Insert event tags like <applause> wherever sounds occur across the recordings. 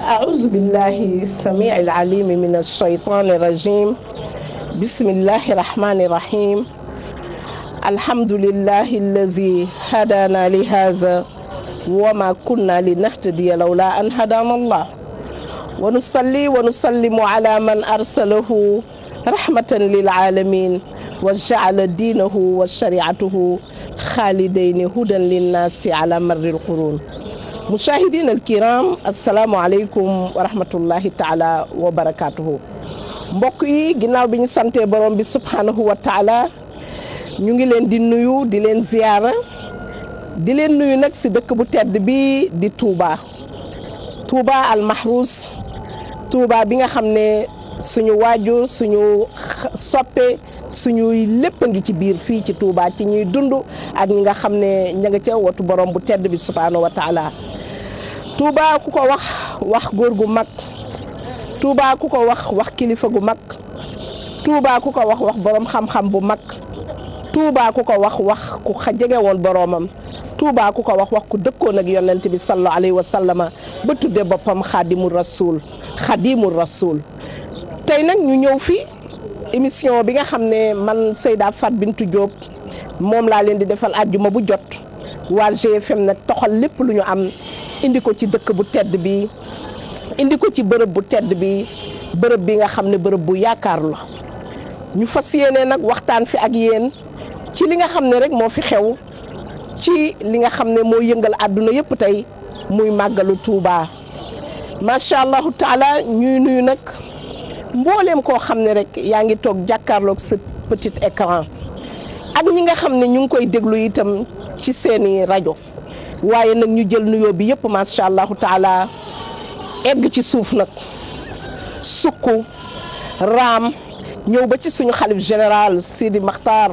أعوذ بالله السميع العليم من الشيطان الرجيم بسم الله الرحمن الرحيم الحمد لله الذي هدانا لهذا وما كنا لنهتدي لولا أن هدانا الله ونصلي ونسلم على من أرسله رحمة للعالمين وجعل دينه وشريعته خالدين هدى للناس على مر القرون mushahidin alkiram asalaamu aleykum wa rahmatullahi taala wa barakatuhu mbokk yi ginnaaw bi ñu santee borom bi subhanahu wa taala ñu ngi leen di nuyu di leen ziyaara di leen nuyu nag si dëkk bu tedd bi di Touba Touba al Mahrouz Touba bi nga xam ne suñu waajur suñu soppe suñuy lépp a ngi ci biir fii ci Touba ci ñuy dund ak ñi nga xam ne ña nga ca watu borom bu tedd bi subhaanahu wa taala Touba ku ko wax wax góor gu mag Touba ku ko wax wax kilifa gu mag Touba ku ko wax wax boroom xam-xam bu mag Touba ku ko wax wax ku jege woon boroomam Touba ku ko wax wax ku dëkkoon ak yonent bi sallallahu alayhi wa sallama ba tuddee boppam xaadimu rasul xaadimu rasul tey nag ñu ñëw fi émission bi nga xam ne man Seyda Fat bintu Diop moom laa leen di defal àjjuma bu jot waa GFM nag toxal lépp lu ñu am. indi ko ci dëkk bu tedd bi indi ko ci bërëb bu tedd bi bërëb bi nga xam ne bërëb bu yaakaar la ñu fas yéene nag waxtaan fi ak yéen ci li nga xam ne rek moo fi xew ci li nga xam ne moo yëngal àdduna yëpp tey muy màggalu Tuuba macha allahu taala ñuy nuyu nag mbooleem koo xam ne rek yaa ngi toog jàkkaarloog sa petit écran ak ñi nga xam ne ñu ngi koy déglu itam ci seeni rajo waaye nag ñu jël nuyoo bi yëpp macha allahu taala egg ci suuf nag sukk raam ñëw ba ci suñu xalif général Sidi Makhtar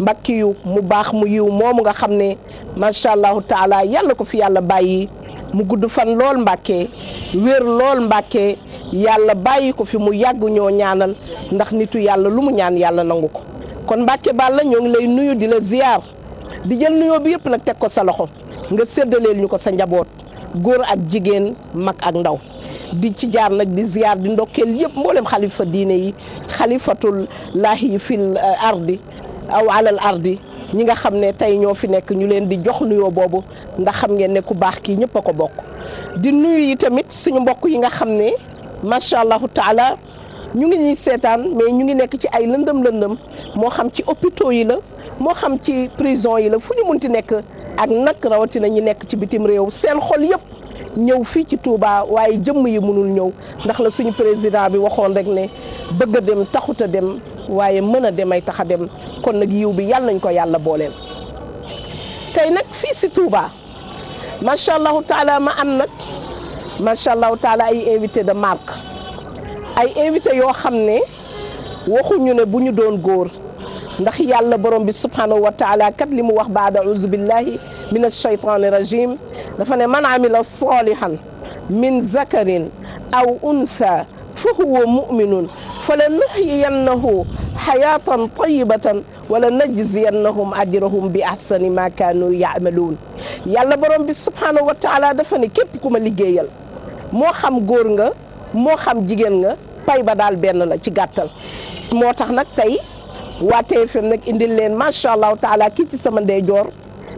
Mbàkke yu mu baax mu yiw moomu nga xam ne macha allahu taala yàlla ko fi yàlla bàyyi mu gudd fan lool mbakke wéer lool mbakke yàlla bàyyi ko fi mu yàgg ñoo ñaanal ndax nitu yàlla lu mu ñaan yàlla nangu ko kon Mbàkke Balla ñoo ngi lay nuyu di la ziyaar di jël nuyoo bi yëpp nag teg ko sa loxo nga séddaleel ñu ko sa njaboot góor ak jigéen mag ak ndaw di ci jaar nag di ziar di ndokkeel yëpp mbooleem xalifa diine yi xalifatul laahi fil eh, ardi aw alal ardi ñi nga xam ne tey ñoo fi nekk ñu leen di jox nuyoo boobu ndax xam ngeen ne ku baax kii ñëpp a ko bokk di nuyu yi tamit suñu mbokk yi nga xam ne macha allahu taala ñu ngi ñuy seetaan mais ñu ngi nekk ci ay lëndëm lëndëm moo xam ci hôpitaux yi la moo xam ci prison yi la fu ñu munti nekk ak nag rawatina ñi nekk ci bitim réew seen xol yëpp ñëw fii ci Touba waaye jëmm yi mënul ñëw ndax la suñu président bi waxoon rek ne bëgg a dem taxut a dem waaye mën a dem ay tax a dem kon nag yiw bi yàlla nañ ko yàlla booleel. tey nag fii si Touba macha allahu taala ma am nag macha allahu taala ay invité de marque ay invité yoo xam ne waxuñu ne bu ñu doon góor. ndax yàlla borom bi subhanahu wa taala kat li mu wax baada auzu billahi min ashaytani rajim dafa ne man amila salihan min zakarin aw unsa fa huwa muminun fa la nuxyiyannahu xayaatan tayibatan wala najziyannahum ajrahum bi ahsani ma kaanu yaamaluun yàlla borom bi subhanahu wa taala dafa ne képp ku ma liggéeyal moo xam góor nga moo xam jigéen nga pay ba daal benn la ci gàttal moo tax nag tey waa TFM nag indil leen macha allahu taala kii ci sama ndeyjoor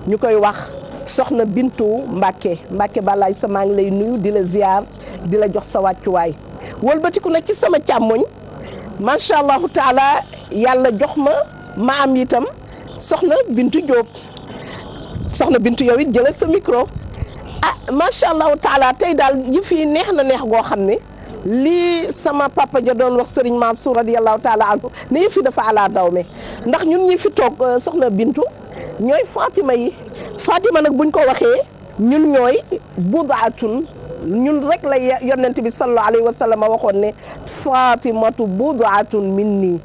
ñu koy wax soxna Bintu Mbacke Mbacke Balaye sa maa ngi lay nuyu di la ziar di la jox sa wàccuwaay walbatiku nag ci sama càmmoñ macha allahu taala yàlla jox ma ma am itam soxna Bintu Diop soxna Bintu yow it jëlal sa micro ah macha allahu taala tey daal yi fii neex na neex goo xam ne. lii sama papa ja doon wax Serigne Mansour radiyallahu taala anhu ne yëf yi dafa ala ndax ñun ñi fi toog euh, soxna Bintu ñooy Fatima yi Fatima nag buñ ko waxe ñun ñooy budaatun ñun rek la yonent bi sallallahu alayhi wa sallam waxoon ne fatimatu budaatun min nii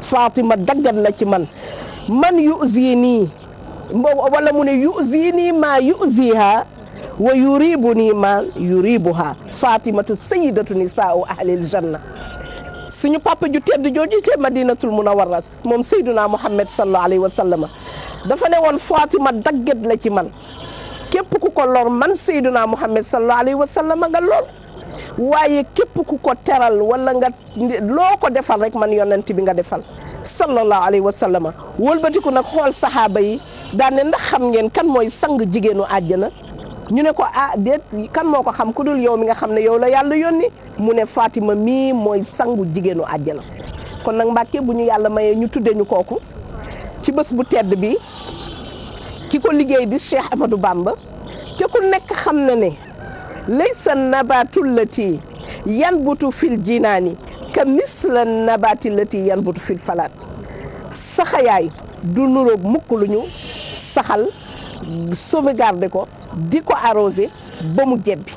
Fatima daggat la ci man man yuzi wala mu ne yuzi nii wa yuribuni ma yuribuha fatimatu sayidatu nisaau ahlil janna suñu papa ju tedd jooju te madinatul munawaras moom sayduna muhammad sallallahu alayhi wa sallama dafa ne woon fatima dagget la ci man képp ku ko lor man sayduna muhammad sallallahu alayhi wa sallama nga lool waaye képp ku ko teral wala nga loo ko defal rek man yonent bi nga defal sallallahu alayhi wa sallama wëlbatiku nag xool saxaaba yi daane ndax xam ngeen kan mooy sang jigéenu àjjana ñu ne ko ah déet kan moo ko xam ku dul yow mi nga xam ne yow la yàlla yónni mu ne faatima mii mooy sangu jigéenu àjjana kon nag Mbàkke bu ñu yàlla mayee ñu tuddee ñu kooku ci bés bu tedd bi ki ko liggéey di Cheikh Amadou Bamba te ku nekk xam na ne laysa nabaatu lati yanbutu fil jinaani ka misla nabaati lati yanbutu fil falaat saxayaay du nuroog mukk lu ñu saxal sauvegarder ko di ko arrosé ba mu jebbi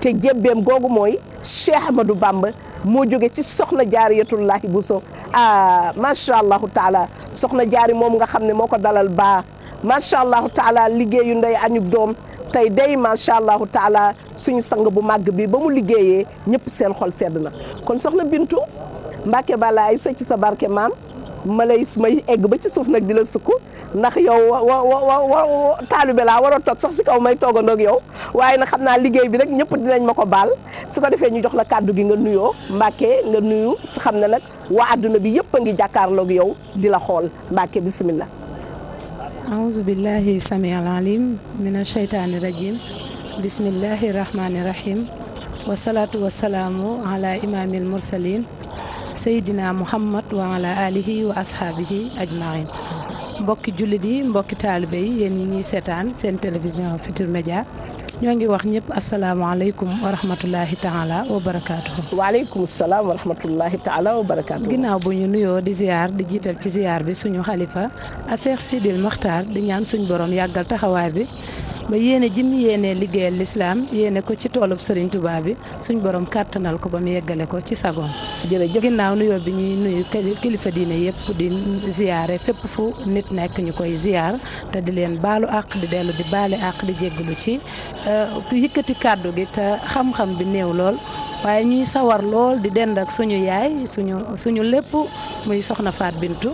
te jebbeem googu mooy Cheikh Ahmadou bàmb moo jóge ci soxna jaariyatullahi bu so ah macha allahu taala soxna jaari moom nga xam ne moo ko dalal baa macha allahu taala liggéeyu ndey añuk doom tey day macha allahu taala suñu sang bu màgg bi ba mu liggéeyee ñëpp seen xol sedd na kon soxna Bintu Mbacke Bala ay sëcc sa barke maam. ma lay may egg ba ci suuf nag di la sukk ndax yow wa wa laa war toog sax si kaw may toogandoo ak yow waaye nag xam naa liggéey bi rek ñëpp dinañ ma ko baal su ko defee ñu jox la kàddu gi nga nuyoo Mbacke nga nuyu xam ne nag waa àdduna bi yëpp a ngi jàkkaarloog yow di la xool Mbacke bisimilah. aouzu billahi sami al alim mina shaytaani rajim Seydina Muhammad wa ala alihi wa ashaabihi ajmain mbokki jullit yi mbokki taalibe yi yéen ñi ñuy seetaan seen télévision Futur Média ñoo ngi wax ñëpp asalaamaaleykum wa rahmatulahi taala wa barakaatu. waaleykum salaam wa rahmatulahi taala wa barakaatu. ginnaaw bu ñu nuyoo di ziar di jiital ci ziar bi suñu xalifa a Seex Sidil Maxtaar di ñaan suñu borom yàggal taxawaay bi. ba yéene jim yéene liggéeyal lislaam yéene ko ci toolub sëriñ tubaab bi suñ borom kàttanal ko ba mu yeggale ko ci sagoom jërëjëf ginnaaw nuyoo bi ñuy nuyu kilifa diine yëpp di ziyaare fépp fu nit nekk ñu koy ziyaar te di leen baalu àq di dellu di baale àq di jégglu ci euh, yëkkati kàddu gi te xam-xam bi néew lool waaye ñuy sawar lool di dend ak suñu yaay suñu suñu lépp muy soxna Faat Bintu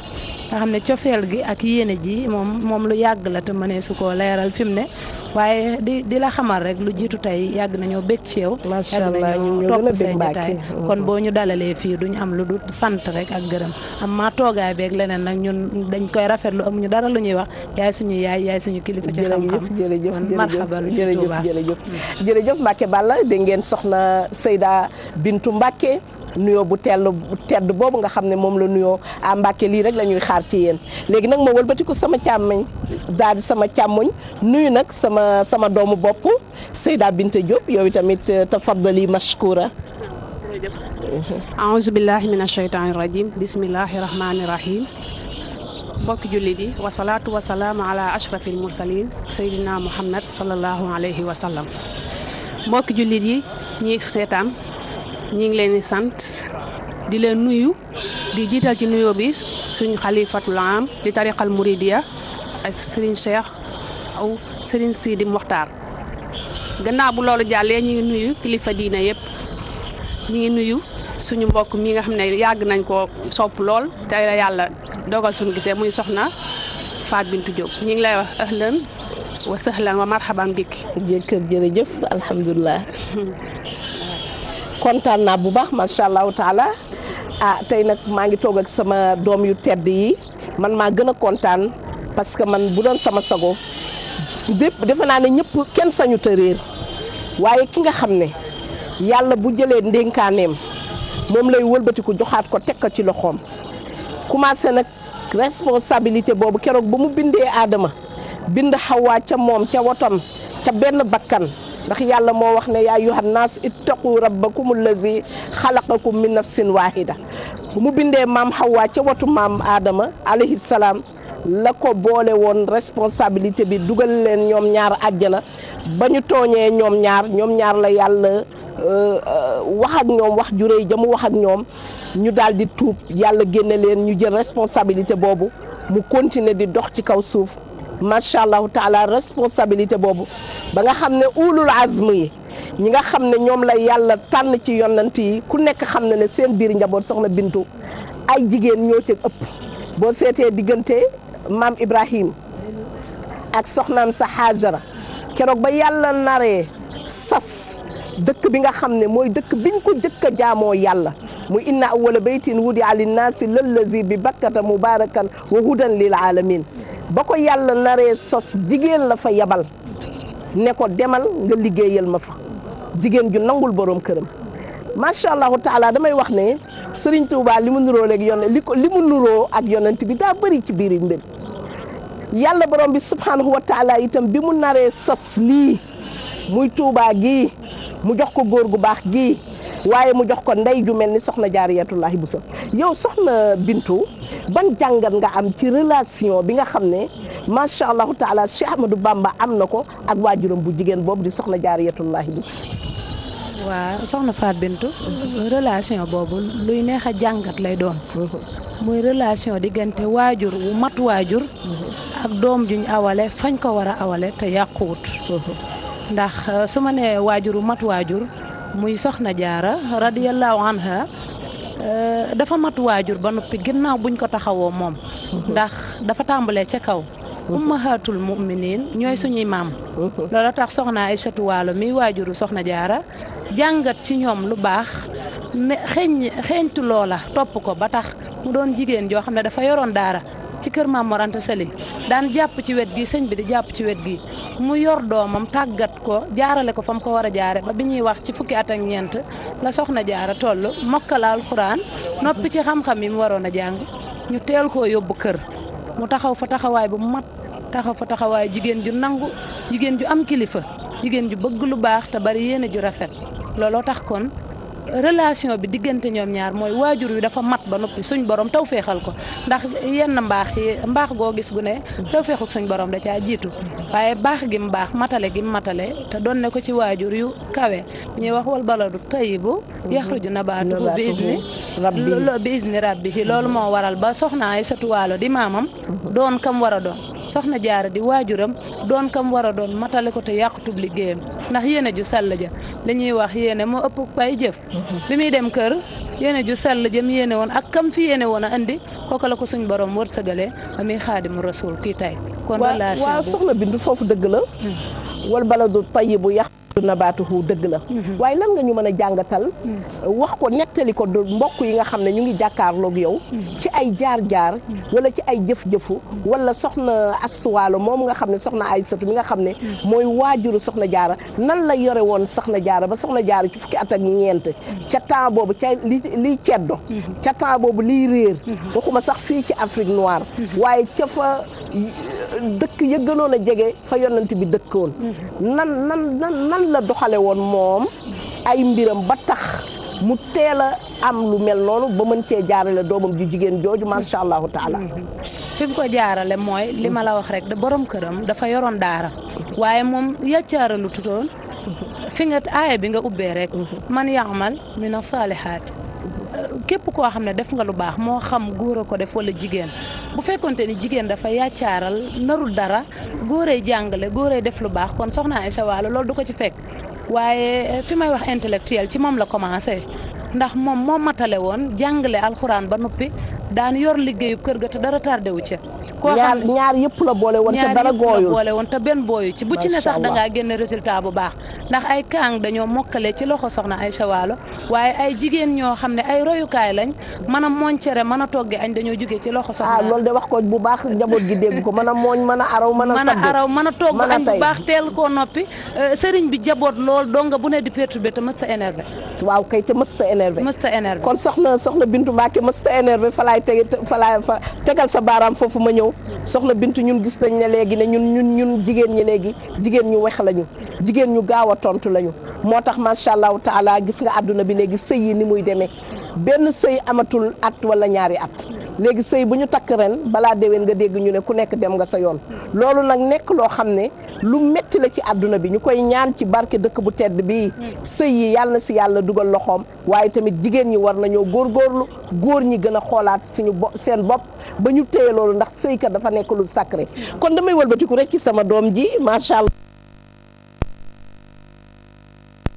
nga xam ne cofeel gi ak yéene ji moom moom lu yàgg la te mënee su koo leeral fi mu ne waaye di di la xamal rek lu jiitu tey yàgg nañoo bég ci yow. macha allah ñu topp seen mm-hmm. kon boo ñu dalalee fii duñu am lu du sant rek ak gërëm am maa toogaay beeg leneen nag ñun dañ koy rafetlu ñu dara lu ñuy wax yaay suñu yaay yaay suñu kilifa ci xam-xam. jërëjëf jërëjëf jërëjëf jërëjëf Mbacke Balla dégg ngeen soxna seydaa Bintu Mbacke nuyoo bu tell tedd boobu nga xam ne moom la nuyoo à lii rek la ñuy xaar ci yéen léegi nag ma walbatiku sama càmmoñ daal sama càmmoñ nuyu nag sama sama doomu bopp Seyda Binta Diop yow tamit euh, tafaddali mashkura aousubillahi min asheytaani irajim bismillahi rahmaani rahim mbokki jullit yi wasalaatu wasalaam ala ashrafil mursalin seydina muhammad salallahu alayhi wa sallam mbokki seetaan ñi ngi leen di sant di leen nuyu di jiital ci nuyoo bi suñu xalifatul am di tariqal muridiya ak sëriñ Cheikh aw sëriñ Sidi Moxtaar gannaaw bu loolu jàllee ñu nuyu kilifa diina yëpp ñu ngi nuyu suñu mbokk mii nga xam ne yàgg nañ koo sopp lool tey yàlla dogal suñu gisee muy soxna Fatou Bintou Diop ñu ngi lay wax ahlan wa sahlan wa marhaban bik jëkkër jërëjëf alhamdulilah <laughs> kontaan naa bu baax macha allahu taala ah tey nag maa ngi toog ak sama doom yu tedd yi man maa gën a kontaan parce que man bu doon sama sago bépp defe naa ne ñëpp kenn sañu réer waaye ki nga xam ne yàlla bu jëlee ndénkaaneem moom lay wëlbatiku joxaat ko teg ko ci loxoom commencé nag responsabilité boobu keroog ba mu bindee aadama bind xawaa ca moom ca wotam ca benn bakkan ndax yàlla moo wax ne yaa ayyuhan naas ittaqu rabbakum allazi xalaqakum min nafsin waahida bu mu bindee maam Hawa ca watu maam aadama alayhi salaam la ko boole woon responsabilité bi dugal leen ñoom ñaar àjjana ba ñu tooñee ñoom ñaar ñoom ñaar la yàlla euh, wax ak ñoom wax ju réy ja mu wax ak ñoom ñu daal di tuub yàlla génne leen ñu jël responsabilité boobu mu continuer di dox ci kaw suuf macha allahu taala responsabilité boobu ba nga xam ne ulul azm yi ñi nga xam ne ñoom la yàlla tànn ci yonant yi ku nekk xam na ne seen biir njaboot soxna Bintu ay jigéen ñoo ci ëpp boo seetee diggante maam Ibrahim ak soxnaam sa Haajara keroog ba yàlla naree sas dëkk bi nga xam ne mooy dëkk biñ ko jëkk a jaamoo yàlla muy inna awwala baytin wudi'a linnaasi lallazi bi bakkata mubarakan wa hudan lil alamin boo ko yàlla naree sos jigéen la fa yabal ne ko demal nga liggéeyal ma fa jigéen ju nangul borom këram macha allahu taala damay wax ne Serigne Touba li mu nuroo ak yonent li ko li nuroo ak yonent bi daa bëri ci biir mbir yàlla borom bi subhanahu wa taala itam bi mu naree sos lii muy Touba gi mu jox ko góor gu baax gii waaye mu jox ko ndey ju mel ni soxna jaariyatullahi bu sa yow soxna Bintu ban jàngat nga am ci relation bi nga xam ne macha allahu taala du Ahmadou Bamba am na ko ak waajuram bu jigéen boobu di soxna jaariyatullahi bu sa waaw soxna Faat Bintu relation boobu luy neex a jàngat lay doon muy relation diggante waajur wu mat waajur ak doom juñ awale fañ ko war a awale te yàquwut ndax euh, su ma nee waajur wu mat waajur muy soxna jaara radiyallahu anha euh, dafa mat waajur ba noppi ginnaaw buñ ko taxawoo moom ndax dafa tàmbalee ca kaw ummahatul muminin ñooy suñuy maam loola tax soxna Aysatu Waalo mi waajuru soxna jaara jàngat ci ñoom lu baax mais xeeñ xeeñtu loola topp ko ba tax mu doon jigéen joo xam ne dafa yoroon daara ci kër Maam Mor Anta Sali daan jàpp ci wet gi sëñ bi di jàpp ci wet gi mu yor doomam tàggat ko jaarale ko fa mu ko war a jaare ba bi ñuy wax ci fukki atak ak ñeent la soxna jaara toll mokkal alxuraan noppi ci xam-xam yi mu waroon a jàng ñu teel koo yóbbu kër mu taxaw fa taxawaay bu mat taxaw fa taxawaay jigéen ju nangu jigéen ju am kilifa jigéen ju bëgg lu baax te bari yéene ju rafet looloo tax kon relation bi diggante ñoom ñaar mooy waajur wi dafa mat ba noppi suñ borom taw feexal ko ndax yenn mbaax yi mbaax goo gis gu ne taw feexul suñ borom da caa jiitu waaye baax gi mu baax matale gi matale te doon ne ko ci waajur yu kawe ñuy wax wal baladu tayibu yaxruju nabaatuhu bi izni bi izni rabbihi loolu moo waral ba soxna ay waalo di maamam mhm. doon kam war a doon soxna jaara di waajuram doon kam war a doon matale ko te yàqutub liggéeyam ndax yéene ju sell ja li ñuy wax yéene moo ëpp pay jëf bi muy dem kër yéene ju sell jëm yéene woon ak kam fi yéene woon a indi kooku la ko suñ borom wërsëgalee ba muy xaadimu rasul kii tay kon relation waaw soxna bindu foofu dëgg la hmm. wal baladu tayyibu yàq nabaatuhu dëgg la mhm. waaye lan nga ñu mën a jàngatal mhm. wax ko nettali ko mbokk yi nga xam ne ñu ngi jàkkaarloog yow mhm. ci ay jaar-jaar walla ci ay jëf-jëfu wala soxna aswaalo moom nga xam ne soxna Aysatu mi nga xam ne mooy waajuru soxna jaara nan la yore woon soxna jaara ba soxna jaara ci fukki at ak ñeent ca temps boobu li liy ceddo ca temps boobu liy réer waxuma sax fii ci Afrique noire waaye ca fa dëkk ya gënoon a jege fa yonent bi dëkkoon nan nan la doxale woon moom ay mbiram ba tax mu teel a am lu mel noonu ba mën cee jaarale doomam ju jigéen jooju macha allahu taala. fi mu ko jaarale mooy li ma la wax rek da borom këram dafa yoroon daara waaye moom yàccaaralu tutoon fi nga aaya bi nga ubbee rekk man yaamal mina saalihaat képp koo xam ne def nga lu baax moo xam góora ko def wala jigéen bu fekkonte ni jigéen dafa yàccaaral narul dara góoree jàngale góoree def lu baax kon soxna Aïcha Walo loolu du ko ci fekk waaye eh, fi may wax intellectuel ci moom la commencé ndax moom moo matale woon jàngale alxuraan ba noppi daan yor liggéeyu kër ga te dara tardé wu ca koo xam ne ñaar yëpp la boole woon te dara gooyul boole woon te benn booyu ci bu ci ne sax da ngaa génn résultat bu baax ndax ay kaang dañoo mokkale ci loxo soxna ay sawaalo waaye ay jigéen ñoo xam ne ay reyukaay lañ mën a cere mën a togge añ dañoo jógee ci loxo soxna ah loolu de wax ko bu baax njaboot gi dégg ko mana mooñ mën a araw mën a mën a araw mën a togg añ bu baax teel koo noppi euh, sëriñ bi jaboot lool dong bu ne di perturbé te mës ta waaw kay te mësta énervé mësta énervé kon soxna soxna bintu Mbacke mësta énervé fa laay teg fa laay fa tegal sa baaraam foofu ma ñëw soxna bintu ñun gis nañ ne léegi ne ñun ñun ñun jigéen ñi léegi jigéen ñu wex lañu jigéen ñu gaaw a tontu lañu moo tax macha allahu taala gis nga àdduna bi léegi sëy yi ni muy demee benn sëy amatul at wala ñaari at léegi sëy bu ñu takk ren balaa déwén nga dégg ñu ne ku nekk dem nga sa yoon loolu nag nekk loo xam ne lu métti la ci àdduna bi ñu koy ñaan ci barke dëkk bu tedd bi sëy yi yàlla si yàlla dugal loxoom waaye tamit jigéen ñi war nañoo góorgóorlu góor ñi gën a xoolaat suñu bo seen bopp ba ñu téye loolu ndax sëykat dafa nekk lu sacré kon damay wëlbatiku rek ci sama doom ji macha allah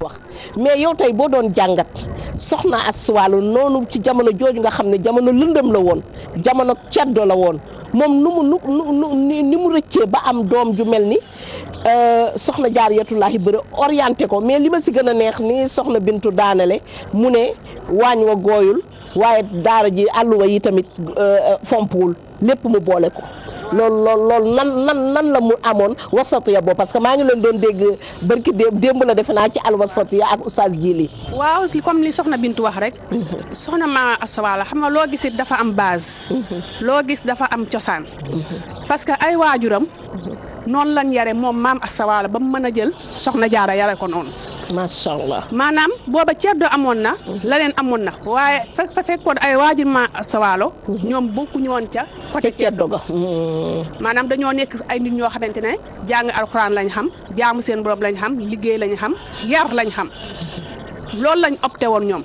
ñëpp wax mais yow tey boo doon jàngat soxna Astou Walo noonu ci jamono jooju nga xam ne jamono lëndëm la woon jamono ceddo la woon moom nu ni mu rëccee ba am doom ju mel ni euh, soxna Jaaratullaahi bëri orienté ko mais li ma si gën a neex ni soxna Bintu daanale mu ne waañ wa gooyul waaye daara ji àlluwa yi tamit euh, euh, fompuwul lépp mu boole ko loolu lool loolu nan nan nan la mu amoon wasatiya bo parce que maa ngi leen doon dégg barki démb la defe naa ci alwasatiya ak oustaz Jili waaw comme li soxna Bintu wax rek mhm. soxna ma asawala xam nga loo gis it dafa am base mhm. loo gis dafa am cosaan mhm. parce que ay waajuram noonu lañ yare moom maam asawala ba mu mën a jël soxna jaara yare ko noonu macha allah maanaam booba ceddo amoon na leneen amoon na waaye fa fekkoon ay waajur ma sawaalo mhm. ñoom bokkuñu woon ca côté ceddo ga hmm. maanaam dañoo nekk ay nit ñoo xamante ne jàng alxuraan lañ xam jaamu seen borom lañ xam liggéey lañ xam yar lañ xam loolu lañ opté woon ñoom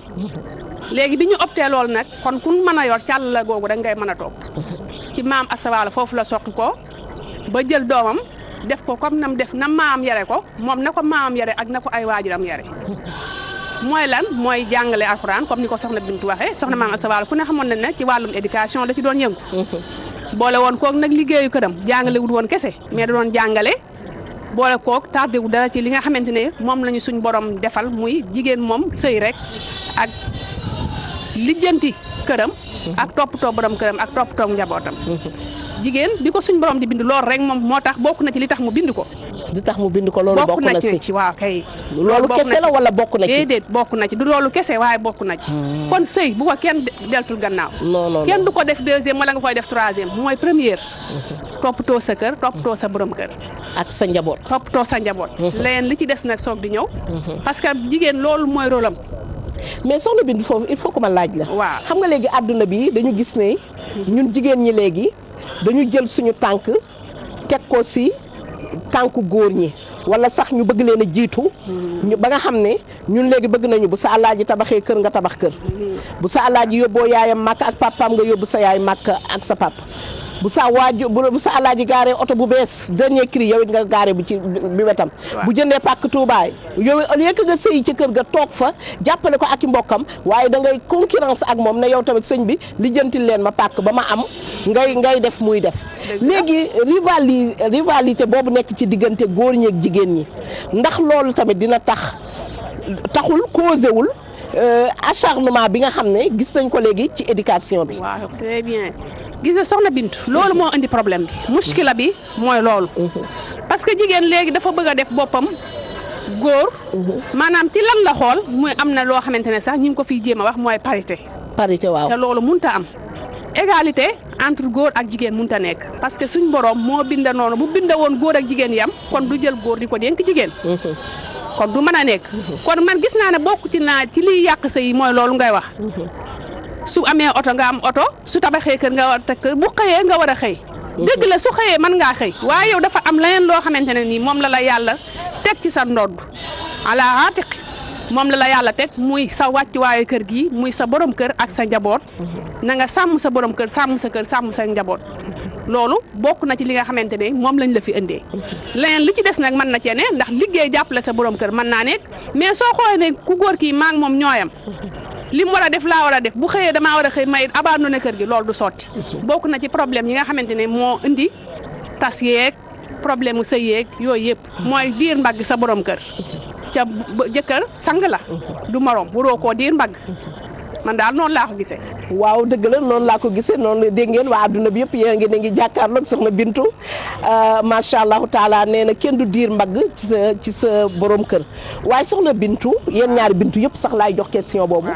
léegi bi ñu opté loolu nag kon kun mën a yor càll la googu rek ngay mën a toog mhm. ci maam asawaalo foofu la soqi ko ba jël doomam def ko comme nam def na maam yare ko moom na ko maam yare ak na ko ay waajuram yare mooy lan mooy jàngale alxuraan comme ni ko soxna Bintu waxee soxna maam Asawal ku ne xamoon na ne ci wàllum éducation da ci doon yëngu. boole woon kook nag liggéeyu këram jàngale wul woon kese mais da doon jàngale boole kook tardé wu dara ci li nga xamante ne moom lañu suñ borom defal muy jigéen moom sëy rek ak lijjanti këram. ak toppatoo borom këram ak toppatoo njabootam. jigéen bi ko suñ borom di bind loolu rek moom moo tax bokk na ci li tax mu bind ko. tax mu bind ko loolu bokk na ci waaw kay. loolu kese la wala bokk na ci déedéet bokk na ci du loolu kese waaye bokk na ci. Hmm. kon sëy bu ko kenn deltul gannaaw. non non kenn du ko def deuxième wala nga koy def troisième mooy première. Mm-hmm. toppatoo sa kër toppatoo sa borom kër. ak sa njaboot toppatoo sa njaboot. Mm-hmm. leneen li ci des nag soog di ñëw. Mm-hmm. parce que jigéen loolu mooy rôle am mais soxna bind foofu il faut que ma laaj la. waaw xam léegi àdduna bi dañu gis ne. ñun jigéen ñi léegi. dañu jël suñu tànk teg ko si tànku góor ñi wala sax ñu bëgg leen a jiitu mm-hmm. ñu ba nga xam ne ñun léegi bëgg nañu bu sa ji tabaxee kër nga tabax kër mm-hmm. bu sa alaaji yóbboo yaayam màkk ak papaam nga yóbbu sa yaay màkk ak sa pap bu sa waaju bu sa alaaji gaaree oto bu bees dernier cri yow nga gaare bu ci bi wetam bu jëndee pàkk Touba yow au lieu que nga sëyi ci kër ga toog fa jàppale ko ak i mbokkam waaye da ngay concurrence ak moom ne yow tamit sëñ bi lijjantil leen ma pàkk ba ma am ngay ngay def muy def léegi rivali rivalité boobu nekk ci diggante góor ñi jigéen ñi ndax loolu tamit dina tax taxul causewul euh, acharnement bi nga xam ne gis nañ ko léegi ci éducation bi bien gis nga soxna Bintu loolu moo indi problème bi muskila bi mooy loolu. parce que jigéen léegi dafa bëgg a def boppam góor. maanaam ci lan la xool muy am na loo xamante ne sax ñu ngi ko fiy jéem a wax mooy parité. parité waaw te loolu mun ta am. égalité entre góor ak jigéen mun ta nekk parce que suñ borom moo binda noonu bu binda woon góor ak jigéen yam kon du jël góor di ko dénk jigéen. kon du mën a nekk. Uhuh. kon man gis naa ne bokk ci naa ci liy yàq sa mooy loolu ngay wax. Uhuh. su amee oto nga am oto su tabaxee kër nga war a kër bu xëyee nga war a xëy. dëgg la su xëyee man ngaa xëy waaye yow dafa am leneen loo xamante ne nii moom la la yàlla teg ci sa ndodd ala atiq la yàlla teg muy sa wàccuwaayu kër gi muy sa borom kër ak sa njaboot na nga sàmm sa borom kër sàmm sa kër sàmm sa njaboot loolu bokk na ci li nga xamante ne moom lañ la fi indee leneen li ci des nag mën na cee ne ndax liggéey jàpp la sa borom kër mën naa nekk mais soo xoolee ne ku góor kii maak moom ñooyam li mu war a def laa war a def bu xëyee damaa war a xëy may abandonné kër gi loolu du sotti bokk na ci problème yi nga xamante ne moo indi tas yeeg problème mu sëy yeeg yooyu yëpp mooy diir mbagg sa borom kër ca jëkkër sang la du morom waroo koo diir mbagg man daal noonu laa ko gisee. waaw dëgg la noonu laa ko gisee noonu dégg ngeen waa adduna bi yëpp yéen ngi ne ngi jàkkaarloog soxna Bintu euh, macha allahu taala nee na kenn du diir mbagg ci sa boroom sa kër waaye soxna Bintu yéen ñaari Bintu yëpp sax laay jox question boobu.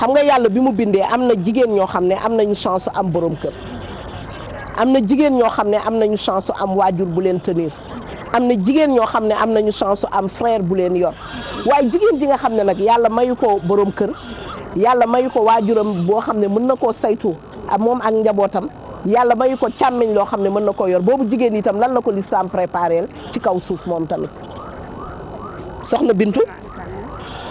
xam nga yàlla bi mu bindee am na jigéen ñoo xam ne am nañu chance am borom kër. am na jigéen ñoo xam ne am nañu chance am waajur bu leen tenir am na jigéen ñoo xam ne am nañu chance am frère bu leen yor waaye jigéen ji nga xam ne nag yàlla mayu ko borom kër. yàlla mayu ko waajuram boo xam ne mën na koo saytu ak moom ak njabootam yàlla mayu ko càmmiñ loo xam ne mën na koo yor boobu jigéen itam lan la ko lislaam préparé ci kaw suuf moom tamit soxna Bintu.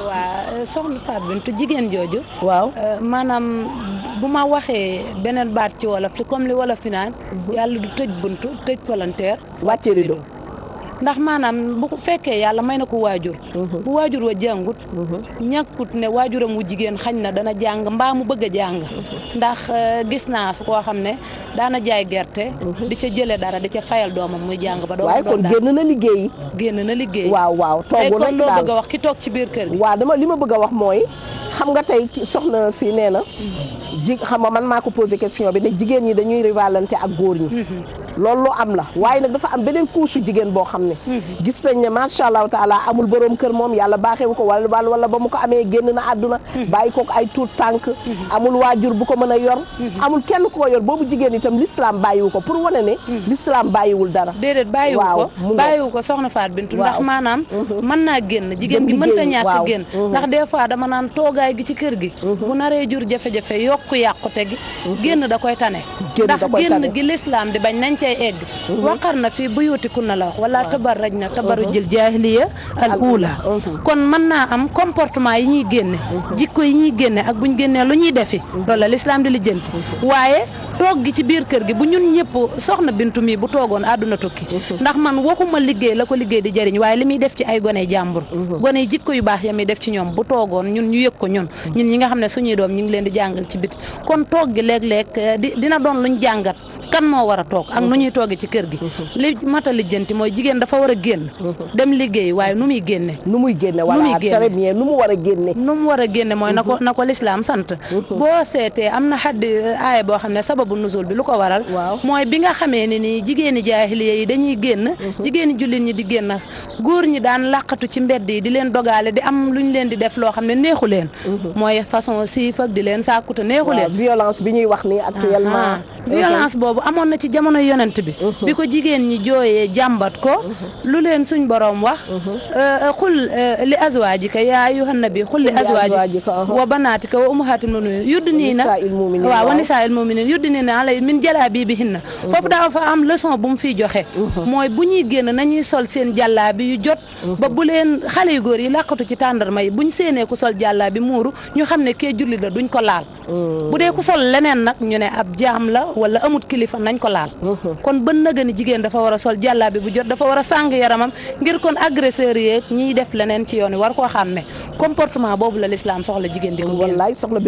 waa soxna Faat Bintu jigéen jooju. waaw euh, maanaam bu ma waxee beneen baat ci wolof comme li wolof fi naan. Mhm. yàlla du tëj buntu tëj palanteer. wàcce rido ndax maanaam bu fekkee yàlla may na ko waajur mhm. bu waajur wa jàngut mhm. ñàkkut ne waajuram wu jigéen xañ na dana jàng mbaa mu bëgg a jàng mhm. ndax euh, gis naa su koo xam ne daana jaay gerte di ca jële dara di ca fayal doomam muy jàng ba doomam waaye kon génn na liggéey génn na liggéey waaw waaw toogu nag loo bëgg wax ki toog ci biir kër gi waaw dama li ma bëgg a wax mooy xam nga tey soxna si nee na ji xam nga man maa ko posé question bi ne jigéen ñi dañuy rivalante ak góor ñi loolu loo am la waaye nag dafa am beneen couche jigéen boo xam ne mhm. gis nañ ne macha allahu taala amul borom kër moom yàlla baaxewu ko wala wal wala ba mu ko amee génn na àdduna mhm. bàyyi ko ay tuut tànk mhm. amul waajur bu ko mën a yor amul kenn ku ko yor boobu jigéen itam l'islam bàyyiwu ko pour wane ne l'islam bàyyiwul dara déedéet bàyyiwu ko bàyyiwu ko soxna Faat Bintu ndax maanaam man naa génn jigéen gi mën na mënta ñàkk génn ndax des fois dama naan toogaay gi ci kër gi bu naree jur jafe-jafe yokku yàqute gi génn da koy tane ndax génn nañ cay egg mhm. waqar na fii buyuutikunna la wax tabar tabarraj na tabarrujil mhm. jaahiliya al uula mhm. kon mën naa am comportement yi ñuy génne jikko yi ñuy génne ak buñ génnee lu ñuy defi loolu la lislaam di lijjanti waaye toog gi ci biir kër gi bu ñun ñëpp soxna bintu mii bu toogoon àdduna tukki mhm. ndax man waxuma liggéey la ko liggéey di jëriñ waaye li muy def ci ay gone jàmbur mhm. gone jikko yu baax ya muy def ci ñoom bu toogoon ñun ñu yëg ko ñun mhm. ñun ñi nga xam ne suñuy doom ñu leen di jàngal ci biti kon toog gi léeg-léeg eh, di dina doon luñ jàngat kan moo war a toog ak nu ñuy toogee ci kër gi li mat a lijjanti mooy jigéen dafa war a génn dem liggéey waaye nu muy génne nu muy génne wala très bien nu mu a génne nu mu war a génne na ko na ko lislaam sant boo seetee am na xaddi eh, aaya boo xam sababu nuzul bi lu ko waral mooy bi nga xamee ne nii jigéeni jaahiliya yi dañuy génn mhm. jigéeni jullit ñi di génn góor ñi daan làqatu ci mbedd yi di leen dogaale di am lu ñu leen di def loo xam ne neexu leen mhm. mooy façon siif di leen saakuta neexu leen violence bi ñuy wax ni actuellement violence mhm. boobu amoon na ci jamono yonent bi bi ko jigéen ñi jooyee jàmbat ko lu leen suñ boroom wax euh, euh, euh, xul li azwaajika yaa ayyuhan nabi xul li azwaajika wa banaatika wa ummahatil mu'minin yuddiniina waaw wa nisaa'il mu'minin yuddiniina mu'minina alay min jalaabi bi hinna mhm. foofu dafa am mhm. ñuy génn nañuy seen jàllaabi yu jot mhm. ba bu leen xale yu góor yi làqatu ci tàndarma yi buñ séenee ku sol jàllaabi muuru ñu xam ne kee julli la duñ ko laal bu dee ku sol leneen nag ñu ne ab jaam la wala amut kilifa nañ ko laal kon ba nëgëni jigéen dafa war a sol jàllaabi bu jot dafa war a sàng yaramam ngir kon agresseur yeeg ñiy def leneen ci yoon war ko xàmme comportement boobu la lislaam soxla jigéen di ko wallaay soxla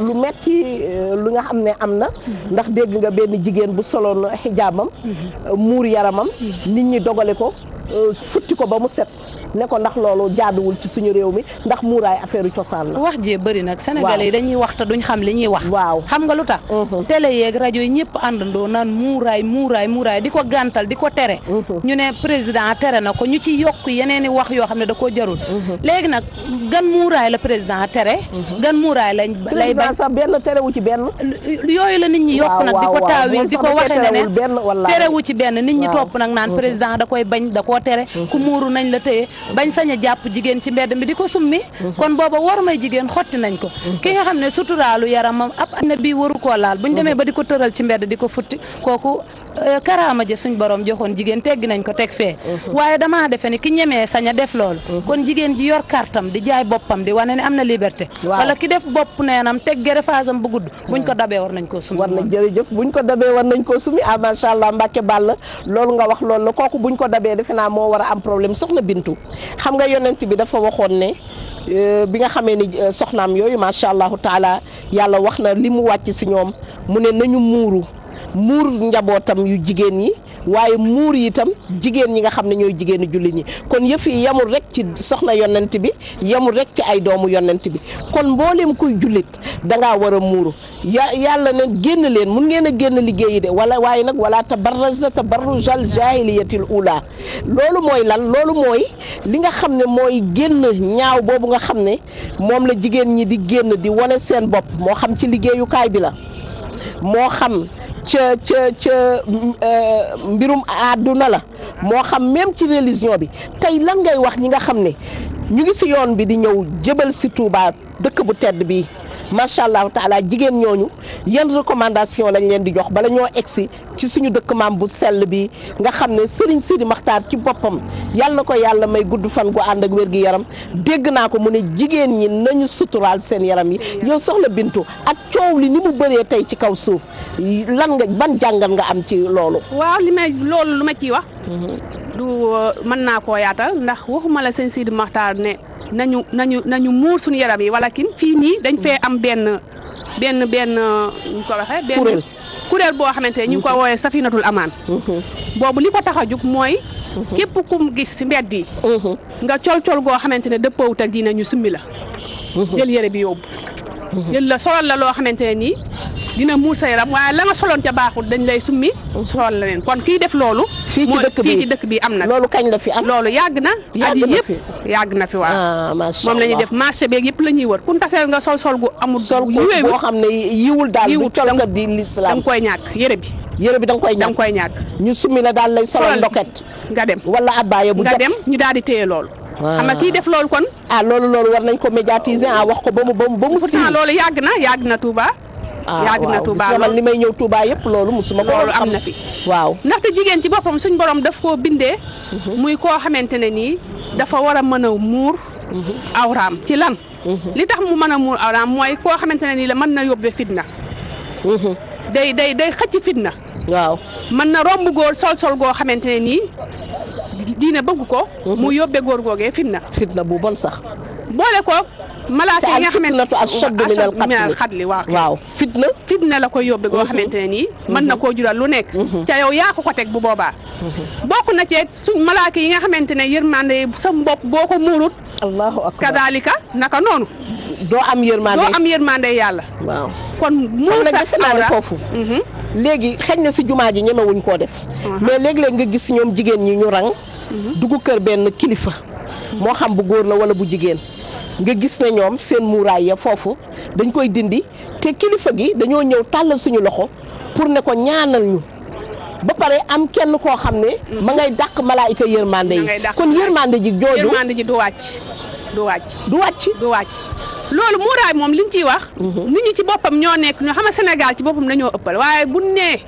lu metti lu nga xam ne am na ndax dégg nga benn jigéen bu soloon xijaabam mhm. muur yaramam mhm. nit ñi dogale ko euh, futti ko ba mu set ne ko ndax loolu jaaduwul ci suñu réew mi ndax muuraay affaire cosaan la. wax jee bëri nag. Sénégalais yi dañuy wax te duñ xam li ñuy wax. waaw xam nga lu tax. Mhm. télé yeeg rajo yi ñëpp àndandoo naan muuraay muuraay muuraay di ko gàntal di ko tere. Mhm. ñu ne président tere na ko ñu ci yokk yeneen i wax yoo xam ne da koo jarul. Mhm. léegi nag gan muuraay la président tere. gan muuraay lañ lay bañ sax benn terewu ci benn. yooyu la nit ñi yokk nag di ko taawil di ko waxee leneen terewu ci benn nit ñi topp nag naan président da koy bañ da tere ku muuru nañ la téye bañ sañ a jàpp jigéen ci mbedd mi di ko summi kon booba war may jigéen xotti nañ ko ki nga xam ne suturaalu yaramam ab annabi waru koo laal bu ñu demee ba di ko tëral ci mbedd di ko futti kooku Euh, karaama ja suñ borom joxoon jigéen tegg nañ ko teg fee mhm. waaye damaa defe ni ki ñemee sañ a def loolu mhm. kon jigéen ji yor kartam di jaay boppam di wane ne am na liberté wala ki def bopp neenam teg gërëfaasam bu gudd buñ ko dabee war nañ koo sumi war na jërëjëf buñ ko dabee war nañ koo sumi ah macha allah mbàkke bàll loolu nga wax lool la kooku buñ ko dabee defe naa moo war a am problème soxna bintu xam nga yonent bi dafa waxoon ne euh, bi nga xamee ni euh, soxnaam yooyu macha allahu taala yàlla wax na li mu wàcc si ñoom nañu muuru muur njabootam yu jigéen ñi waaye muur itam jigéen ñi nga xam ne ñooy jigéeni jullit ñi kon yëf yi yamul rek ci soxna yonent bi yamul rek ci ay doomu yonent bi kon mboolem kuy jullit dangaa war a muuru ya yàlla ne génn leen mun ngeen a génn liggéeyi de wala waaye nag wala tabarrajna tabarrujal jaahiliyatil ula loolu mooy lan loolu mooy li nga xam ne mooy génn ñaaw boobu nga xam ne moom la jigéen ñi di génn di wane seen bopp moo xam ci liggéeyukaay bi la moo xam ca ca ca mm, euh, mbirum àdduna la moo xam même ci religion bi tey lan ngay wax ñi nga xam ni ñu ngi si yoon bi di ñëw jëbal si Touba dëkk bu tedd bii macha allah taala jigéen ñooñu yan recommandation lañ leen di jox bala ñoo egsi ci suñu dëkk maam bu sell bi nga xam ne Serigne Sidi Maxtaar ci boppam yàlla na ko yàlla may gudd fan gu ànd ak wér gi yaram dégg naa ko mu ne jigéen ñi nañu suturaal seen yaram yi yow soxla Bintu ak coow li ni mu bëree tey ci kaw suuf lan nga ban jàngat nga am ci loolu. waaw li may loolu lu ma ciy wax. Mhm. du euh, mën naa koo yaatal ndax waxuma la sëñ Sidi ne nañu nañu nañu muur suñu yaram yi wala kiin fii nii dañ fee am benn benn benn ñu ko benn kuréel boo xamante ne ñu ngi ko mhm. wooyee safinatul amaan mhm. boobu li ko tax a jug mooy mhm. képp kum gis si mbedd yi nga col col goo xamante ne dëppoowut ak diine ñu summi la jël yére bi yóbbu jël la solal la loo xamante ne nii dina muur sa yaram waaye la nga soloon ca baaxul dañ lay summi solal la leen kon kii def loolu fii ci dëkk bi fii ci dëkk bi am na loolu kañ la fi am loolu yàgg na at yi yëpp yàgg na fi waaw ah, moom la ñuy def marché beeg yëpp la ñuy wër ku taseel nga sol sol gu amul sol yiwee boo xam ne yiwul daal du col ko di lislaam danga koy ñàkk yére bi yére bi danga koy ñàkk danga koy ñàkk ñu summi la daal lay solal ndoket nga dem wala abbaaya bu nga dem ñu daal di téye loolu xam ah. nga kii def loolu kon. ah loolu loolu war nañ ko médiatiser ah wax ko ba mu ba mu ba mu. si loolu yàgg na yàgg na Touba. Ah, yàgg na Touba ah waaw gis li may ñëw Touba yëpp loolu musuma ko. loolu am na fi waaw. ndaxte jigéen ci boppam suñ borom daf koo bindee. Mhm. muy koo xamante ne nii dafa war a mën a muur. Mhm. awraam ci lan. Mhm. li tax mu mën a muur awraam mooy koo xamante ne nii la man na yóbbee fitna. day day day xëcc fitna. waaw mën na romb góor sol sol goo xamante ne nii diine bëgg ko. Mhm. mu yóbbee góor googee fitna. fitna bu bon sax. boole ko. malaaka yi nga xamante te ashaddu min al-qatl waaw fitna. fitna la koy yóbbee goo mhm. xamante ne nii. Mhm. mën na koo jural lu nekk. ca yow yaa ko ko bu boobaa. bokk na cee suñ malaaka yi nga xamante ne yërmande yi sa bopp boo ko muurut. allahu akbar kadaalika naka noonu. doo am yërmande doo am yërmande yàlla. waaw kon muur sa awra foofu. léegi xëy na si jumaa ji ñemewuñ ko def. Uh-huh. mais léeg-léeg nga gis ñoom jigéen ñi ñu rang. dugg kër benn kilifa moo xam bu góor la wala bu jigéen nga gis ne ñoom seen muuraay ya foofu dañ koy dindi te kilifa gi dañoo ñëw tàll suñu loxo pour ne ko ñaanal ñu ba pare am kenn koo xam ne mm. ma ngay dàq malaayika yërmande yi kon yërmande ji jooju yërmande ji du wàcc du wàcc du wàcc du wàcc loolu muuraay moom ñu ciy wax mm-hmm. nit ñi ci boppam ñoo nekk ñoo xam ne ci boppam dañoo ëppal waaye bu nee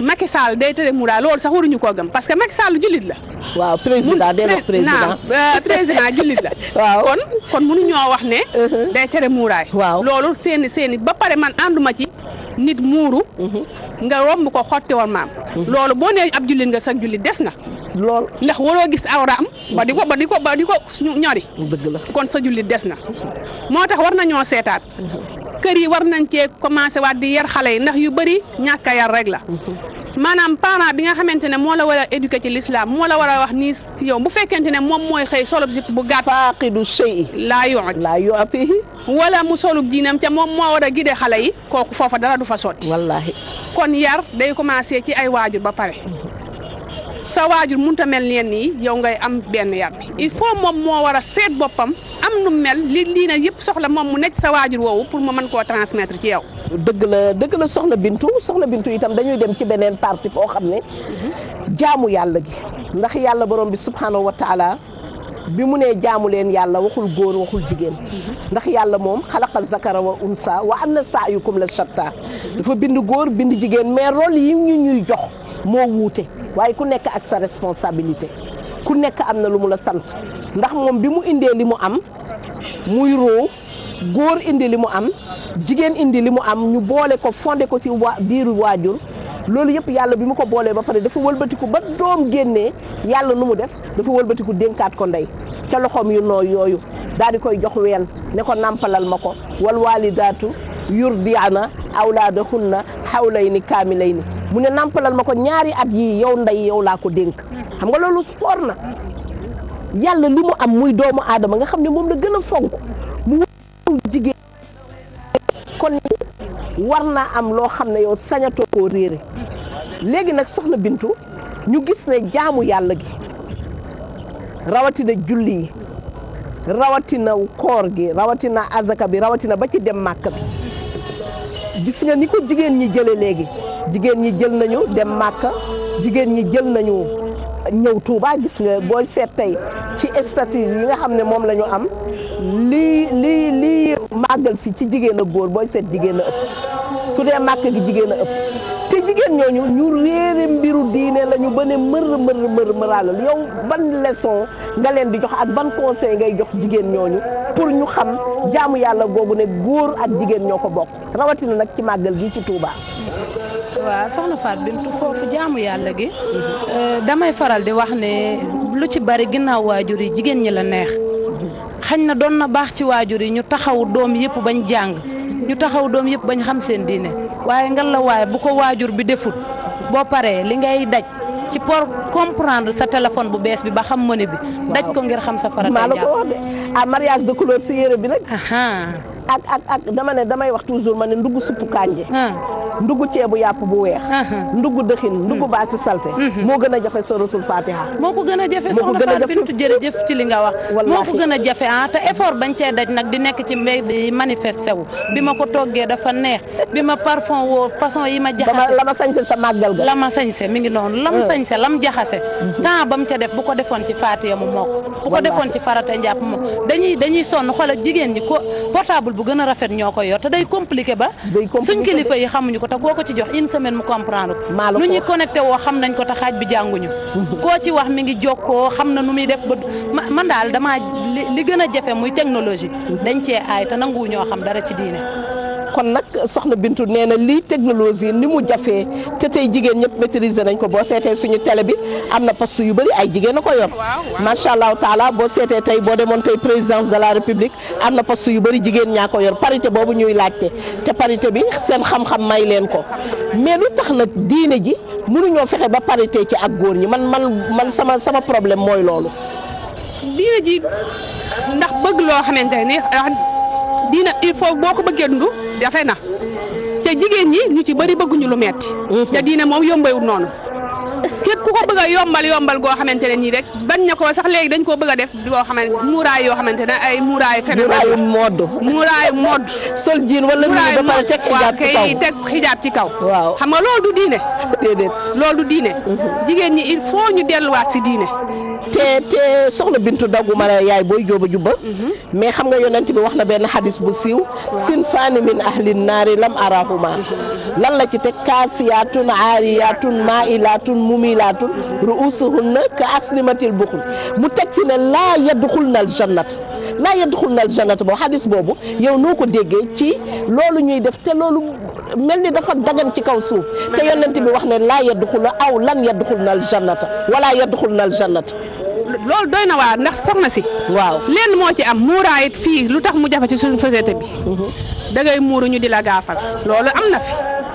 Macky Sall day tere muuraay loolu sax waruñu koo gëm parce que Macky Sall jullit la. waaw président day wax président euh, président jullit la. <laughs> waaw kon kon mënuñoo wax ne. Uh-huh. day tere muuraay. waaw loolu seeni seeni ba pare man ànduma ci. nit muuru. Uh-huh. nga romb ko xotti woon maam. Uh-huh. loolu boo nee ab jullit nga sax jullit des na. lool ndax waroo gis awraam. ba di ko ba di ko ba di ko ñori. dëgg la kon sa jullit des na. moo tax war nañoo seetaat. kër yi war nañ cee commencé waat di yar xale yi ndax yu bëri ñàkk yar rek la. maanaam parent bi nga xamante ne moo la war a éduquer ci l'islam moo la war a wax nii si yow bu fekkente ne moom mooy xëy solub si bu gàtt. faaqidu shay. laa yu'ti laa yu'tihi wala mu solub jiinam ca moom moo war a gide xale yi kooku foofa dara du fa sotti. wallaahi kon yar day commencé ci ay waajur ba pare. sa waajur munta mel neen nii yow ngay am benn yar bi il faut moom moo war a seet boppam am nu mel li lii na yëpp soxla moom mu nekk sa waajur woowu pour ma mën koo transmettre ci yow. dëgg la dëgg la soxna Bintu soxla Bintu itam dañuy dem ci beneen parti boo xam ne jaamu yàlla gi ndax yàlla borom bi subhanahu wa taala bi mu nee jaamu leen yàlla waxul góor waxul jigéen ndax yàlla moom xalaqa zakara wa unsa wa anna saayukum la shatta dafa bind góor bind jigéen mais rôle yi ñu ñuy jox moo wuute. waaye ku nekk ak sa responsabilité ku nekk am na lu mu la sant ndax moom bi mu indee li mu am muy roo góor indi li mu am jigéen indi li mu am ñu boole ko fonde ko ci waa biiru waajur loolu yëpp yàlla bi mu ko boolee ba pare dafa wëlbatiku ba doom génnee yàlla nu mu def dafa wëlbatiku dénkaat ko ndey ca loxoom yu nooy yooyu daal di koy jox ween ne ko nàmpalal ma ko wal waalidaatu yurdiana awlaadahunna lay ni mu ne nàmpalal ma ko ñaari at yi yow ndey yow laa ko dénk xam nga loolu foor na yàlla li mu am muy doomu aadama nga xam ne moom la gën a fonk mu jigéen war naa am loo xam ne yow sañatoo koo réere léegi nag soxna Bintu ñu gis ne jaamu yàlla gi rawatina julli yi rawatina koor gi rawatina azaka bi rawatina ba ci dem màkk bi gis nga ni ko jigéen ñi jële léegi jigéen ñi jël nañu dem Màkka jigéen ñi jël nañu ñëw Touba gis nga booy seet tey ci statistiques yi nga xam ne moom lañu am lii lii lii màggal si ci jigéen a góor booy seet jigéen a ëpp su dee Màkka gi jigéen a ëpp te jigéen ñooñu ñu réere mbiru diine la ñu ba ne mër mër mër mëralal yow ban leçon nga leen di jox ak ban conseil ngay jox jigéen ñooñu pour ñu xam jaamu yàlla googu ne góor ak jigéen ñoo ko bokk rawatina nag ci màggal gi ci Touba. waaw soxna bi Bintu foofu jaamu yàlla gi euh, damay faral di wax ne lu ci bari ginnaaw waajur yi jigéen ñi la neex xañ na doon na baax ci waajur yi ñu taxaw doom yëpp bañ jàng ñu taxaw doom yëpp bañ xam seen diine waaye ngal la waaye bu ko waajur bi deful boo paree li ngay daj ci pour comprendre sa téléphone bu bees bi ba xam mëne bi daj ko ngir xam sa farata maa la ko wax de ah mariage de couleur si yére bi nag ak ak ak ne damay wax toujours ma ne ndugg suppu kànje ndugg ceebu yàpp bu weex ndugg dëxin ndugg baasi salte moo gën a jafe suratul fatiha moo ko gën a jafe soxna Fatou Bintou jërëjëf ci li nga wax moo ko gën a jafe ah te effort bañ cee daj nag di nekk ci mbedd yi manifesté wu bi ma ko toggee dafa neex bi ma parfum woo façon yi ma jaxase la ma sañse sa màggal ga la ma sañse mi ngi noonu lam sañse lam jaxase temps ba mu ca def bu ko defoon ci fatiha mu moo ko bu ko defoon ci farata njàpp moo dañuy dañuy ko portable bu gën a rafet ñoo koy yor te day compliqué ba suñ kilifa yi xamuñu ko te koo ko ci jox une semaine mu comprendre ko nu ñuy connecté woo xam nañ ko te xaaj bi jànguñu <laughs> koo ci wax mi ngi jokkoo xam na nu muy def ba man daal damaa li gën a jafe muy technologie <laughs> dañ cee aay te nanguwu ñoo xam dara ci diine kon nag soxna Bintu nee na lii technologie ni mu jafee te tey jigéen ñëpp maîtriser nañ ko boo seetee suñu tele bi am na poste yu bëri ay jigéen a ko yor macha allahu taala boo seetee tey boo demoon tey présidence de la république am na poste yu bëri jigéen ñaa ko yor parité boobu ñuy laajte te parité bi seen xam-xam may leen ko mais lu tax nag diine ji ñoo fexe ba parité ci ak góor ñi man man man sama sama problème mooy loolu diine ji ndax bëgg loo diina il faut boo ko bëggee dund jafe na te jigéen ñi ñu ci bari bëgguñu lu metti mm-hmm. te diina moom yombayul noonu képp ko bëgg a yombal yombal goo xamante ne nii rek bañ na koo sax léegi dañ koo bëgg a def boo xamante muuraay yoo xamante ne ay muuraay fenn muuraayu modd muuraayu modd sol jiin wala muuraayu modd waaw kay teg xijaab ci kaw waaw xam loolu du diine <laughs> déedéet loolu du diine mm-hmm. jigéen ñi il faut ñu delluwaat si diine te soxla soxna Bintu dagguma la yaay booy jóoba jubba mhm. mais xam nga yonent bi wax na benn xadis bu siiw sin faani min ahlin naari lam arahuma mhm, mhm. lan la ci teg kaasiyaatun aariyaatun maailaatun mumilaatun ruusuhunna ka asnimatil buxul mu teg ci ne laa yadxulna al jannat laa yadxulna al jannat boobu xadis boobu yow noo ko déggee ci loolu ñuy def te loolu mel ni dafa dagan ci kaw suuf te yonent wax ne laa yadxul aw lan yadxulna al jannata wala yadxulna al jannata loolu doy na waa ndax soxna si. waaw lenn moo ci am muuraay it fii lu tax mu jafe ci suñ société bi. Mhm. dangay ngay muuru ñu di la gaafal loolu am na fi.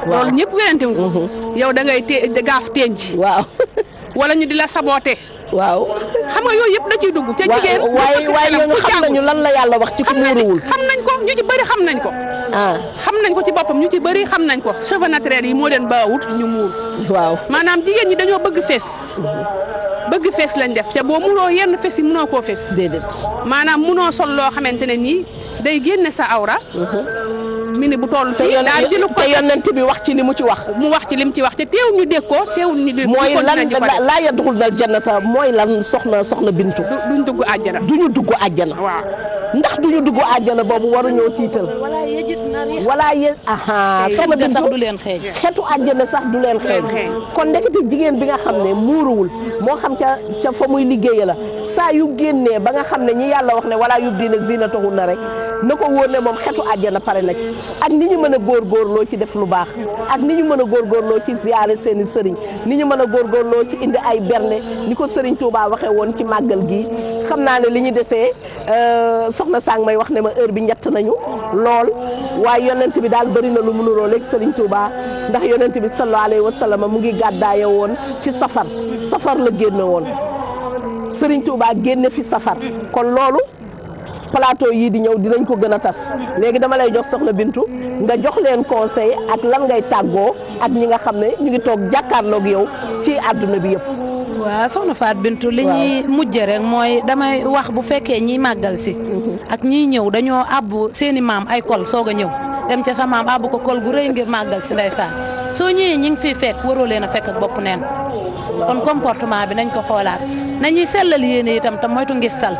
loolu ñëpp wérante mhm. yow da ngay te gaaf tenj waaw <laughs> wala ñu di la saboté. waaw xam nga yooyu yëpp da ciy dugg. ca jigéen waaye waaye ñooñu xam nañu lan la yàlla wax ci ku muuruwul. xam nañ ko ñu ci bëri xam nañ ko. xam nañ ko ci boppam ñu ci bëri xam nañ ko cheveux naturels yi moo leen baawut ñu muur waaw maanaam jigéen ñi dañoo bëgg fees mhm. bëgg fees lañ def te boo munoo yenn fees yi munoo koo fees déedéet maanaam munoo sol loo xamante ne nii day génne sa awra mhm. minute bu toll fii daal di lu ko te yonent bi wax ci li mu ci wax mu wax ci li mu ci wax te teewul ñu dégg ko teewul ñu dégg mooy lan laa yadxulul jannata mooy lan soxna soxna bintu duñ dugg àjjana duñu dugg àjjana waaw ndax duñu dugg àjjana boobu waruñoo tiital wala yë aha soxna bintu xetu àjjana sax du leen xeeñ kon ndekete jigéen bi nga xam ne muuruwul moo xam ca ca fa muy liggéeya la saa yu génnee ba nga xam ne ñi yàlla wax ne walaa yub diina na rek na ko wóor ne moom xetu àjjana pare na ci ak ni ñu mën a góorgóorloo ci def lu baax ak ni ñu mën a góorgóorloo ci ziyaare seeni sëriñ ni ñu mën a góorgóorloo ci indi ay berne ñu ko sëriñ Touba waxee woon ci màggal gi xam naa ne li ñu desee euh, soxna Sang may wax ne ma heure bi ñett nañu lool waaye yonent bi daal bëri na lu mu nuroo léegi sëriñ Touba ndax yonent bi sallallahu alayhi wa sallam mu ngi gàddaaye woon ci safar safar la génne woon sëriñ Touba génne fi safar kon plateau yii di ñëw dinañ ko gën a tas léegi dama lay jox soxna Bintu nga jox leen conseil ak lan ngay tàggoo ak ñi nga xam ne ñu ngi toog jàkkaarloog yow ci àdduna bi yëpp. waaw soxna Faat Bintu li ñuy mujjee rek mooy damay wax bu fekkee ñiy màggal si. Mhm. ak ñiy ñëw dañoo àbbu seeni maam ay kol soog a ñëw dem ca sa maam àbbu ko kol gu rëy ngir màggal si ndeysaan soo ñëwee ñi ngi fiy fekk waroo leen a fekk ak bopp neen kon comportement bi nañ ko xoolaat nañuy sellal yéene itam te moytu ngistal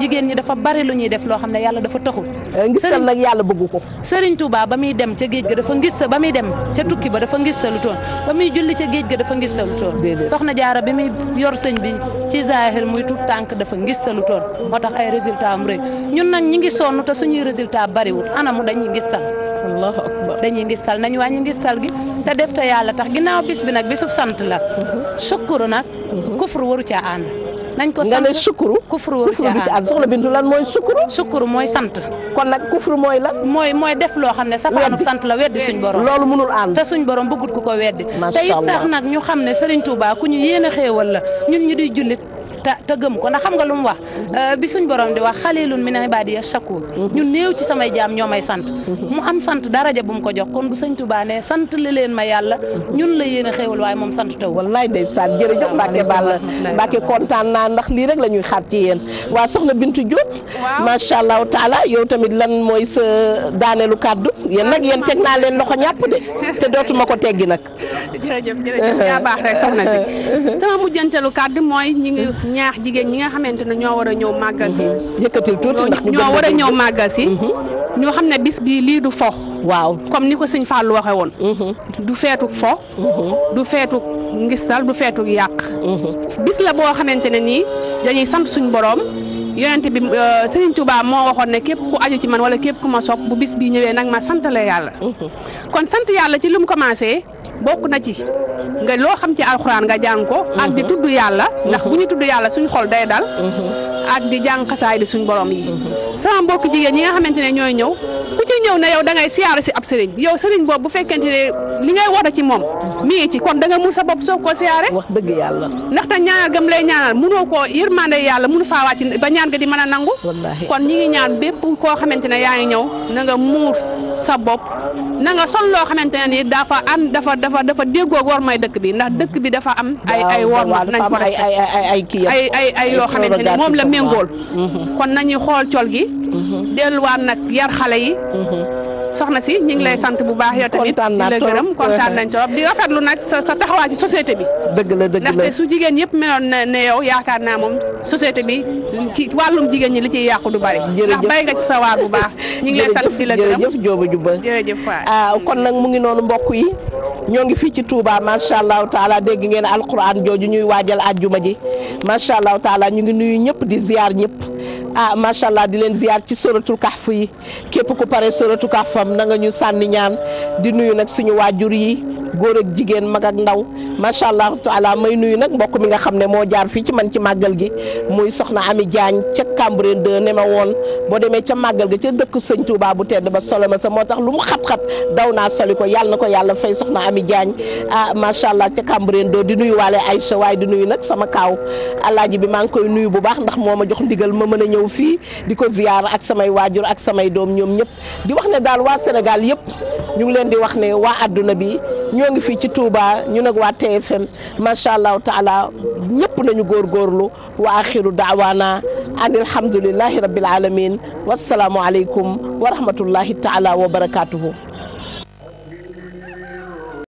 jigéen ñi dafa bari lu ñuy def loo xam ne yàlla dafa taxul eh, ngisal nag yàlla bëgg ko Serigne Touba ba muy dem ca géej ga dafa ngis sa ba muy dem ca tukki ba dafa ngis salu toon ba muy julli ca géej ga dafa ngis salu toon soxna jaara bi muy yor sëñ bi ci zahir muy tut tànk dafa ngis salu toon moo tax ay résultat am rek ñun nag ñu ngi sonn te suñuy résultat bariwul anamu dañuy ngistal allahu dañuy ngistal nañ wàññi ngistal gi te def te yàlla tax ginnaaw bis bi nag bi bisub sant la mhm. sukkuru nag mhm. kufru nañ ko sant nga ne sukuru. kufru du ci am soxna Bintu lan mooy sukuru. sukuru mooy sant. kon nag kufru mooy lan. mooy def loo xam ne safaanub sant la weddi suñ borom. loolu munul ànd te suñ borom bëggut ku ko weddi. macha allah te it sax nag ñu xam ne Serigne Touba ku ñu yéene xéewal la ñun ñu di jullit te te gëm ko ndax xam nga lu mu wax euh, bi suñ borom di wax xalilun min ibadiya shakur ñu néew ci samay jaam ñoo may sant mu am sant daraja bu mu ko jox kon bu sëñ Tuubaa ne sant li leen ma yàlla ñun la yéen a xéewal waaye moom sant taw wallaay ndeysaan jërëjëf Mbacke Balla Mbacke kontaan naa ndax lii rek la ñuy xaar ci yéen waa soxna Bintu Diop macha allahu taala yow tamit lan mooy sa daaneelu kàddu yéen nag yéen teg naa leen loxo ñàpp de te dootuma ko teggi nag <laughs> ñaax jigéen ñi nga xamante ne ñoo war a ñëw màggal si. Mhm. yëkkatil tuuti ndax ñoo war a ñëw màggal si. Mhm. ñoo xam ne bis bii lii du fo. waaw comme ni ko sëñ Fallou waxee woon. Mhm. du feetuk fo. du feetuk ngistal du feetuk yàq. bis la boo xamante ne nii dañuy sant suñu borom. yonent bi euh, Serigne Touba moo waxoon ne képp ku aju ci man wala képp ku ma sopp bu bis bii ñëwee nag ma sant la yàlla. kon sant yàlla ci lu mu bokk na ci nga loo xam ci alxuraan nga jàng ko. ak di tudd yàlla. ndax bu ñu tudd yàlla suñ xol day dal. Mhm. ak di jàng xasaay di suñ borom yi. Mhm. sama mbokk jigéen ñi nga xamante ne ñooy ñëw ku ci ñëw ne yow da ngay siyaare si ab sëriñ yow sëriñ boobu bu fekkente ne li ngay war a ci moom mi ci kon danga nga mun sa bopp soog koo siyaare wax dëgg yàlla ndaxte ñaanal gëm lay ñaanal munoo koo yërmande yàlla munu faa wàcc ba ñaan ga di man a nangu kon ñi ngi ñaan bépp koo xamante ne yaa ngi ñëw na nga muur sa bopp na nga sol loo xamante ne nii dafa am dafa dafa dafa déggoo war may dëkk bi ndax dëkk bi dafa am ay ay war ma nañ ko ay ay ay yoo xamante ne moom la méngool mhm. kon nañuy xool Mm-hmm. delluwaat nag yar xale yi. Mm-hmm. soxna si ñu ngi lay sant bu baax yow tamit di la gërëm kontaan nañ trop di rafetlu nag sa sa taxawaay ci société bi. dëgg la dëgg la ndaxte su jigéen yëpp meloon na ne yow yaakaar naa moom société bi ci wàllum jigéen ñi li ciy yàqu du bari. jërëjëf ndax bay sa waar bu baax. ñu la gërëm jërëjëf Jóoba Jubba jërëjëf waay ah, kon nag mu ngi noonu mbokk yi. ñoo ngi fii ci Touba macha allahu taala dégg ngeen alquran jooju ñuy waajal àjjuma ji macha allahu taala ñu ngi nuyu ñëpp di ziar ñëpp ah macha allah di leen ziar ci soratul fu yi képp ku pare soratul kahfam na nga ñu sànni ñaan di nuyu nag suñu waajur yi góor ak jigéen mag ak ndaw macha allah taala may nuyu nag mbokk mi nga xam ne moo jaar fii ci man ci màggal gi muy soxna Ami Diagne ca Cambérène de ne ma woon boo demee ca màggal ga ca dëkk sëñ Touba bu tedd ba solo ma sa moo tax lu mu xat-xat daw naa soli ko yàlla na ko yàlla fay soxna Ami Diagne ah macha allah ca Cambérène di nuyu waale Aïcha waaye di nuyu nag sama kaaw alaaji bi maa ngi koy nuyu bu baax ndax moo ma jox ndigal ma mën a ñëw fii di ko ziyaar ak samay waajur ak samay doom ñoom ñëpp di wax ne daal waa Sénégal yëpp ñu wax ne waa adduna bi ñoo ngi fii ci Touba ñu nag waa TFM macha allah taala ñëpp nañu góor wa axiru daawaana daawana alhamdulillahi rabbil alamin wasalaamu aleykum wa rahmatullahi taala wa barakatuhu